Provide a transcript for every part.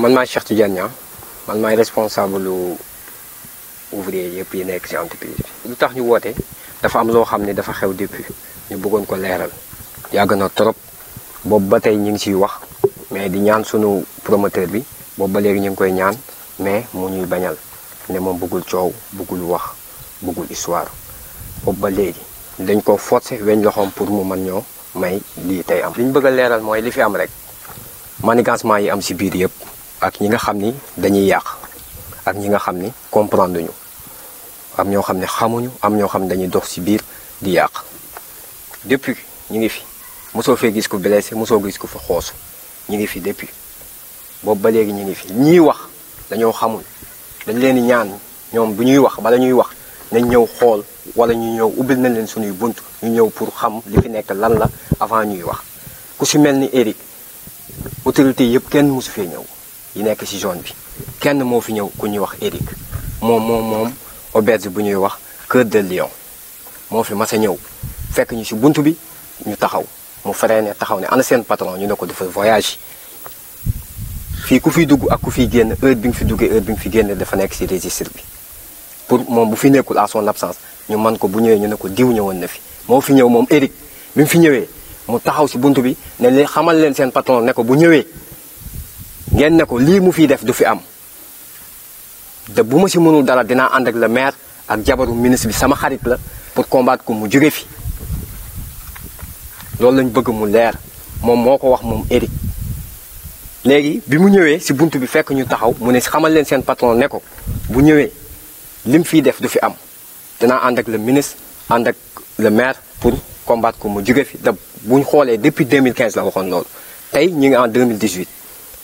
man maay Cheikh Tidiane Niang man maay responsable lu ouvrier yëpp yi nekk ci entreprise bi. lu tax ñu woote dafa am loo xam ne dafa xew depuis ñu bëggoon ko leeral. yàgg na trop boobu ba tey ñu ngi ciy wax mais di ñaan sunu promoteur bi boobu ba léegi ñu ngi koy ñaan mais mu ñuy bañal ne moom bëggul coow bëggul wax bëggul histoire boobu ba léegi dañ ko forcé weñ loxoom pour mu mën ñoo may lii tey am. li ñu bëgg leeral mooy li fi am rek manigancement yi am si biir yëpp. ak ñi nga xam ni dañuy yàq ak ñi nga xam comprendre ñu am ñoo xam ne am ñoo dañuy dox biir di depuis ñu ngi fi mosoo fee gis ko blessé mosoo gis ko fa ngi fi depuis boobu ba léegi ñu ngi fi ñiy wax dañoo xamul dañ leen di ñaan ñoom bu wax bala ñuy wax nañ ñëw xool wala ñu ñëw nañ leen suñuy ñu pour xam li fi nekk lan la avant ñuy wax ku Eric autorité yëpp kenn mosu fee yi nekk ci zone bi kenn moo fi ñëw ku ñuy wax Eric moom moom moom auberge bu ñuy wax Cœur de Lion moo fi mas a ñëw fekk ñu ci buntu bi ñu taxaw mu freiné taxaw ne ana seen patron ñu ne ko dafa voyage fii ku fi dugg ak ku fiy génn heure bi nga fi duggee heure bi nga fi génn dafa nekk ci registre bi pour moom bu fi nekkul à son absence ñu man ko bu ñëwee ñu ne ko diw ñëwoon na fi moo fi ñëw moom Eric bi mu fi ñëwee mu taxaw ci buntu bi ne li xamal leen seen patron ne ko bu ñëwee ngeen ne ko lii mu fiy def du fi am te bu ma si mënul dara dinaa ànd ak le maire ak jabaru ministre bi sama xarit la pour combattre ko mu jóge fi loolu lañ bëgg mu leer moom moo ko wax moom Eric léegi bi mu ñëwee si bunt bi fekk ñu taxaw mu ne xamal leen seen patron ne ko bu ñëwee mu fi def du fi am dana ànd ak le ministre ànd ak le maire pour combattre ko mu jóge fi da buñ xoolee depuis 2015 la waxoon loolu tey ñu ngi en 2018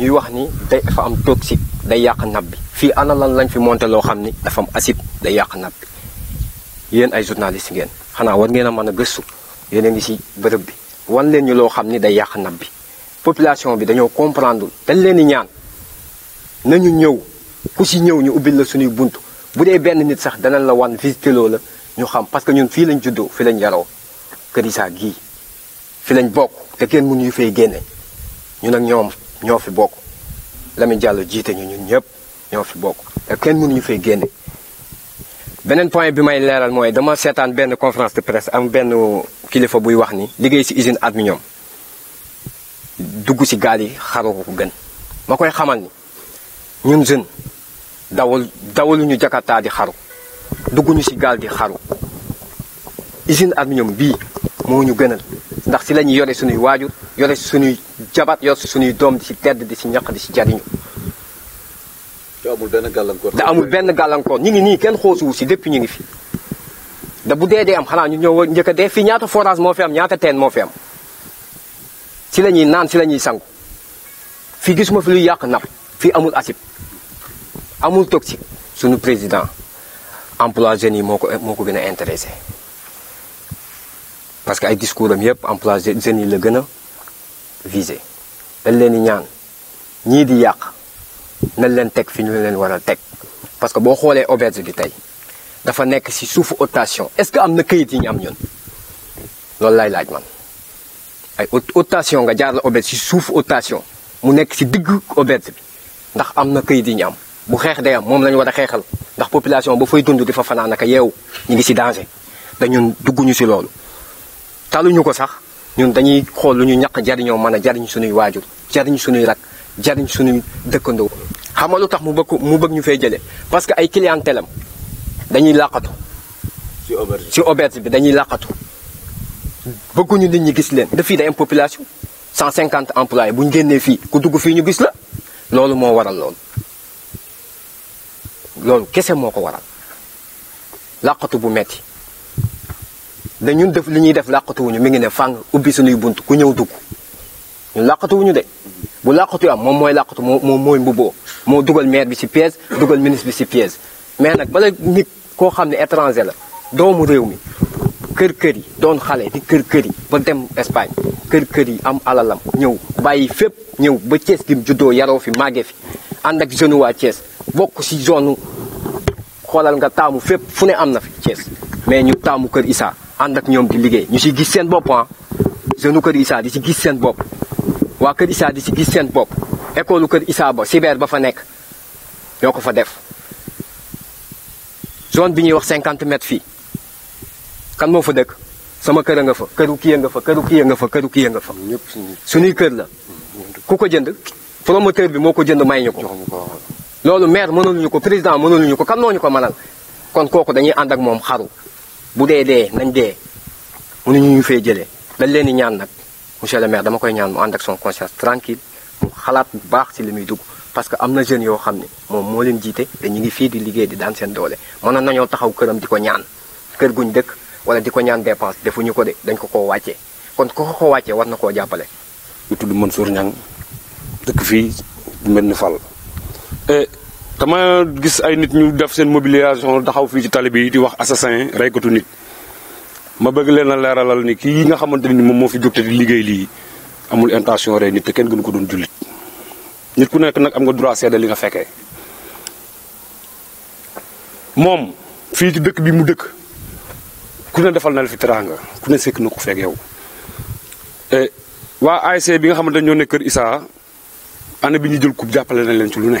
ñuy wax ni day dafa am toxique day yàq nab fii ana lan lañ fi monté loo xam ni dafa am acide day yàq nab bi yéen ay journaliste ngeen xanaa war ngeen a mën a gëstu yéen a ngi si bërëb bi wan leen ñu loo xam ni day yàq nab population bi dañoo comprendre dañ leen di ñaan nañu ñëw ku si ñëw ñu ubbil la suñuy bunt bu dee benn nit sax danañ la wan visité loo la ñu xam parce que ñun fii lañ juddoo fi lañ yaroo kër gii fi lañ bokk te kenn mënuñu fay génne ñu nag ñoom ñoo fi bokk Lamine Diallo jiite ñu ñun ñëpp ñoo fi bokk te kenn mënuñu fay génne. beneen point bi may leeral mooy dama seetaan benn conférence de presse am benn kilifa buy wax ni liggéey si usine aluminium dugg si gaal yi xaroo gën ma koy xamal ni ñun jeune dawal dawaluñu jakartaa di xaru dugguñu si gaal di xaru usine aluminium bii moo ñu gënal ndax ci la ñuy yore suñuy waajur yore suñuy jabat yor suñuy dom di si tedd di si ñaq di si jariñu Da amul benn gàllankoor te amul benn gàllankoor ñu ngi nii si ngi fi da bu dee am xanaa ñu ñëw njëkk a dee fii ñaata forage moo fi am ñaata teen moo fi am si la ñuy naan si gisuma fi luy asip. napp fii amul asib amul toxique suñu président emploi jeune yi moo ko moo a intéressé parce que ay am emploi jeune yi la visé dañ leen di ñaan ñii di yàq nañ leen teg fi ñu leen war a teg parce que boo xoolee auberge bi tey dafa nekk ci suufu haute est-ce que am na këyit yi ñu am ñun loolu lay laaj man ay haute nga jaar la auberge ci suufu haute mu nekk ci digg auberge bi ndax am na këyit yi ñu am bu xeex day am moom lañu war a xeexal ndax population bu fay dund di fa fanaan naka yeew ñu ngi ci danger dañun dugguñu ci loolu taluñu ko sax ñun dañuy xool lu ñu ñàkk jariñoo man a jariñ suñuy waajur jariñ suñuy rak jariñ suñuy dëkkandoo xam lu tax mu bëgg mu bëgg ñu fay jëlee parce que ay clientèle dañuy làqatu ci auberge bi dañuy làqatu bëgguñu nit ñi gis leen da fii day am population 150 employés bu ñu génnee fii ku dugg fii ñu gis la loolu moo waral loolu loolu kese moo ko waral làqatu bu metti da ñun def li ñuy def làqatuwuñu mi ngi ne fàng ubbi suñuy bunt ku ñëw dugg ñun làqatuwuñu de bu làqatu am moom mooy làqatu moo moom mooy mbubboo moo dugal maire bi ci piège dugal ministre bi ci piège mais nag bala nit koo xam ne étranger la doomu réew mi kër kër yi doon xale di kër kër yi ba dem Espagne kër kër yi am alalam ñëw bàyyi fépp ñëw ba Thiès gi juddoo yaroo fi màggee fi ànd ak jeune waa Thiès bokk si zone xoolal nga taamu fépp fu ne am na fi Thiès mais ñu taamu kër Issa ànd ak ñoom di liggéey ñu si gis seen bopp ah kër Issa di si gis seen bopp waa kër Issa di si gis seen bopp école kër Issa ba cyber ba fa nekk ñoo ko fa def zone bi ñuy wax cinquante mètres fii kan moo fa dëkk sama kër a nga fa këru kii a nga fa këru kii a nga fa këru kii a nga fa suñuy kër la ku ko jënd promoteur bi moo ko jënd may ñu ko loolu maire ñu ko président mënaluñu ko kan moo ñu ko mënal kon kooku dañuy ànd ak moom xaru bu dee dee nañ dee mënuñu ñu fee jëlee dañ leen di ñaan nag monsieur le maire dama koy ñaan mu ànd ak son conscience tranquille mu xalaat bu baax ci li muy dugg parce que am na jeunes yoo xam ne moom moo leen jiite te ñu ngi fii di liggéey di daan seen doole mënoon nañoo taxaw këram di ko ñaan kër guñ dëkk wala di ko ñaan dépense defuñu ko de dañ ko koo wàccee kon ko ko ko wàccee war na koo jàppale. lu tudd Mansour Niang dëkk fii mel ni Fall eh, dama gis ay nit ñu def seen mobilisation daxaw fii ci tali bi di wax assassin reykatu nit ma bëgg leen la leeralal ni kii nga xamante ni moom moo fi jóg te di liggéey lii amul intention rey nit kenn gënu ko doon jullit ku nekk nag am nga droit seede li nga fekkee moom fii ci dëkk bi mu dëkk ku ne defal na la fi teraanga ku ne sekk na ko feeg yow e, waa ASC bi nga xamante ne ñoo nekk Kër Issa année bi ñu jël coupe jàppale na leen ci lu ne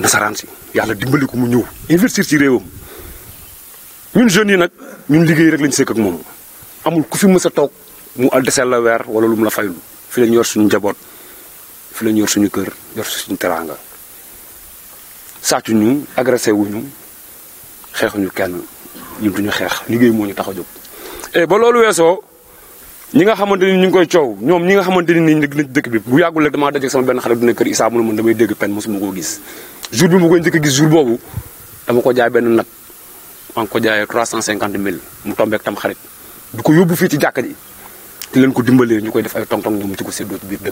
nasaraan si yàlla dimbali ko mu ñëw investir si réewam ñun jeunes yi nag ñun liggéey rek lañ sekk ak moom amul ku fi mës a toog mu al desel la weer wala lu mu la faylu fi lañ yor suñu njaboot fi lañ yor suñu kër yor suñu teraanga sàccu ñu agressé wuñu xeexuñu kenn ñun duñu xeex liggéey moo ñu tax a jóg. et eh, ba loolu weesoo ñi nga xamante ni ñu ngi koy coow ñoom ñi nga xamante ni nii dëkk bi bu yàggul rek damaa dajeeg sama benn xale bu nekk kër jour bi mu koy njëkk gis jour boobu dama ko jaay benn nag maa ngi ko jaayee 350 mille mu tombeek tam xarit du ko yóbbu fii ci jàkka ji di leen ko dimbalee ñu koy def ay tong-tong ñu ci ko séddoo ci biir bi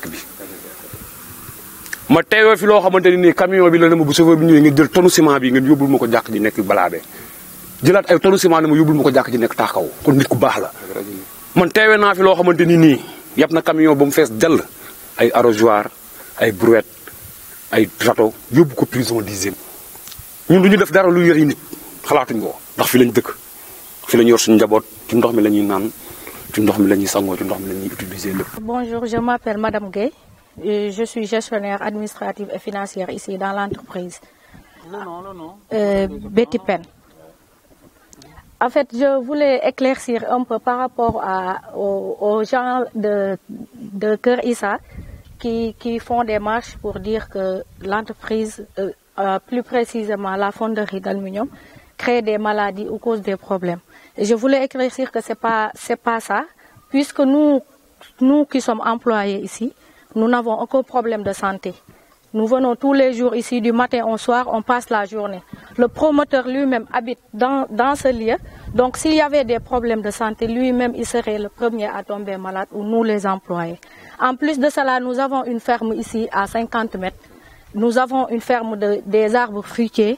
ma teewee fi loo xamante ni camion bi la ne bu chauffeur bi ñëwee ngeen jël tonu ciment bi ngeen ji nekk ay tonu ciment ne ma yóbbul ma ko ji nekk taxaw kon nit ku la man fi ni nii na camion mu ay arrosoir ay brouette ay château yóbbu ko prison dixième ñun nous ñu def dara lu yor yi nit xalaatuñ ko ndax fi lañ dëkk fi lañ yor suñu njaboot ci ndox mi la ñuy ci ndox mi la sangoo ci ndox mi la utiliser le. bonjour je m'appelle madame Guèye je suis gestionnaire administrative et financière ici dans l'entreprise euh, Betty Pen. En fait, je voulais éclaircir un peu par rapport à, aux, aux gens de, de Cœur Issa qui, font des marches pour dire que l'entreprise, euh, euh, plus précisément la fonderie d'aluminium, crée des maladies ou cause des problèmes. je voulais éclaircir que ce n'est pas, ça, puisque nous, qui sommes employés ici, nous n'avons aucun problème de santé. Nous venons tous les jours ici, du matin au soir, on passe la journée. Le promoteur lui-même habite dans, dans, ce lieu. Donc s'il y avait des problèmes de santé, lui-même, il serait le premier à tomber malade ou nous les employés. En plus de cela, nous avons une ferme ici à 50 mètres. Nous avons une ferme de, des arbres fruitiers.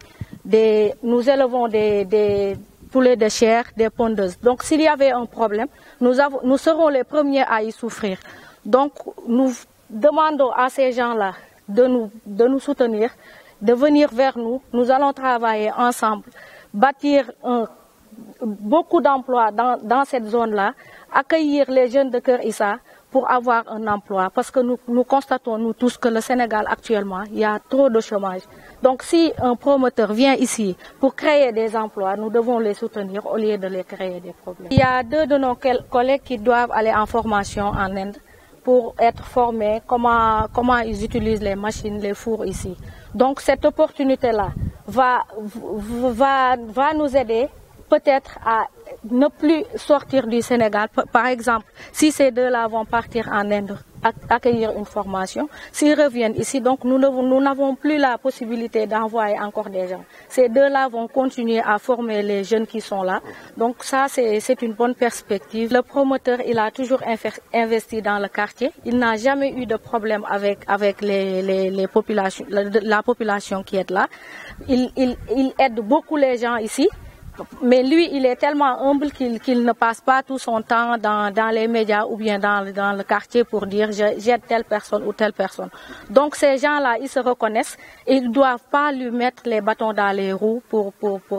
nous élevons des, poulets de chair, des pondeuses. Donc s'il y avait un problème, nous, serons les premiers à y souffrir. Donc nous demandons à ces gens-là de nous, soutenir, de venir vers nous. Nous allons travailler ensemble, bâtir beaucoup d'emplois dans, dans cette zone-là, accueillir les jeunes de Cœur Issa, pour avoir un emploi. Parce que nous, constatons, nous tous, que le Sénégal actuellement, il y a trop de chômage. Donc si un promoteur vient ici pour créer des emplois, nous devons les soutenir au lieu de les créer des problèmes. Il y a deux de nos collègues qui doivent aller en formation en Inde pour être formés comment, comment ils utilisent les machines, les fours ici. Donc cette opportunité-là va, va, va nous aider peut-être à ne plus sortir du Sénégal. Par exemple, si ces deux-là vont partir en Inde, accueillir une formation, s'ils reviennent ici, donc nous n'avons plus la possibilité d'envoyer encore des gens. Ces deux-là vont continuer à former les jeunes qui sont là. Donc ça, c'est une bonne perspective. Le promoteur, il a toujours investi dans le quartier. Il n'a jamais eu de problème avec, la, population qui est là. il, il aide beaucoup les gens ici mais lui, il est tellement humble qu'il ne passe pas tout son temps dans, les médias ou bien dans, le quartier pour dire j'aide telle personne ou telle personne. Donc ces gens-là, ils se reconnaissent ils ne doivent pas lui mettre les bâtons dans les roues pour,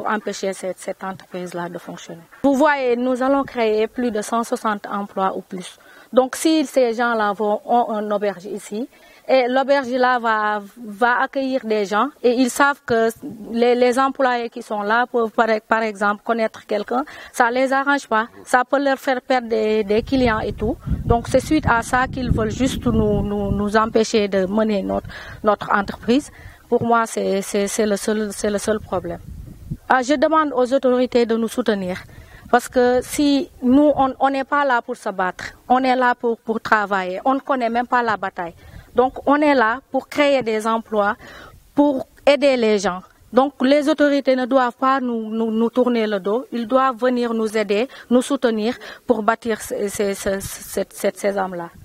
empêcher cette, entreprise-là de fonctionner. Vous voyez, nous allons créer plus de 160 emplois ou plus. Donc si ces gens-là ont un auberge ici, et l'auberge là va, va accueillir des gens et ils savent que les, les employés qui sont là peuvent par, exemple connaître quelqu'un, ça ne les arrange pas, ça peut leur faire perdre des, des clients et tout. Donc c'est suite à ça qu'ils veulent juste nous, nous, nous empêcher de mener notre, notre entreprise. Pour moi, c'est le, seul, le seul problème. Ah, je demande aux autorités de nous soutenir. Parce que si nous, on n'est pas là pour se battre, on est là pour, pour travailler. On ne connaît même pas la bataille. Donc on est là pour créer des emplois, pour aider les gens. Donc les autorités ne doivent pas nous, tourner le dos, ils doivent venir nous aider, nous soutenir pour bâtir ces, ces, là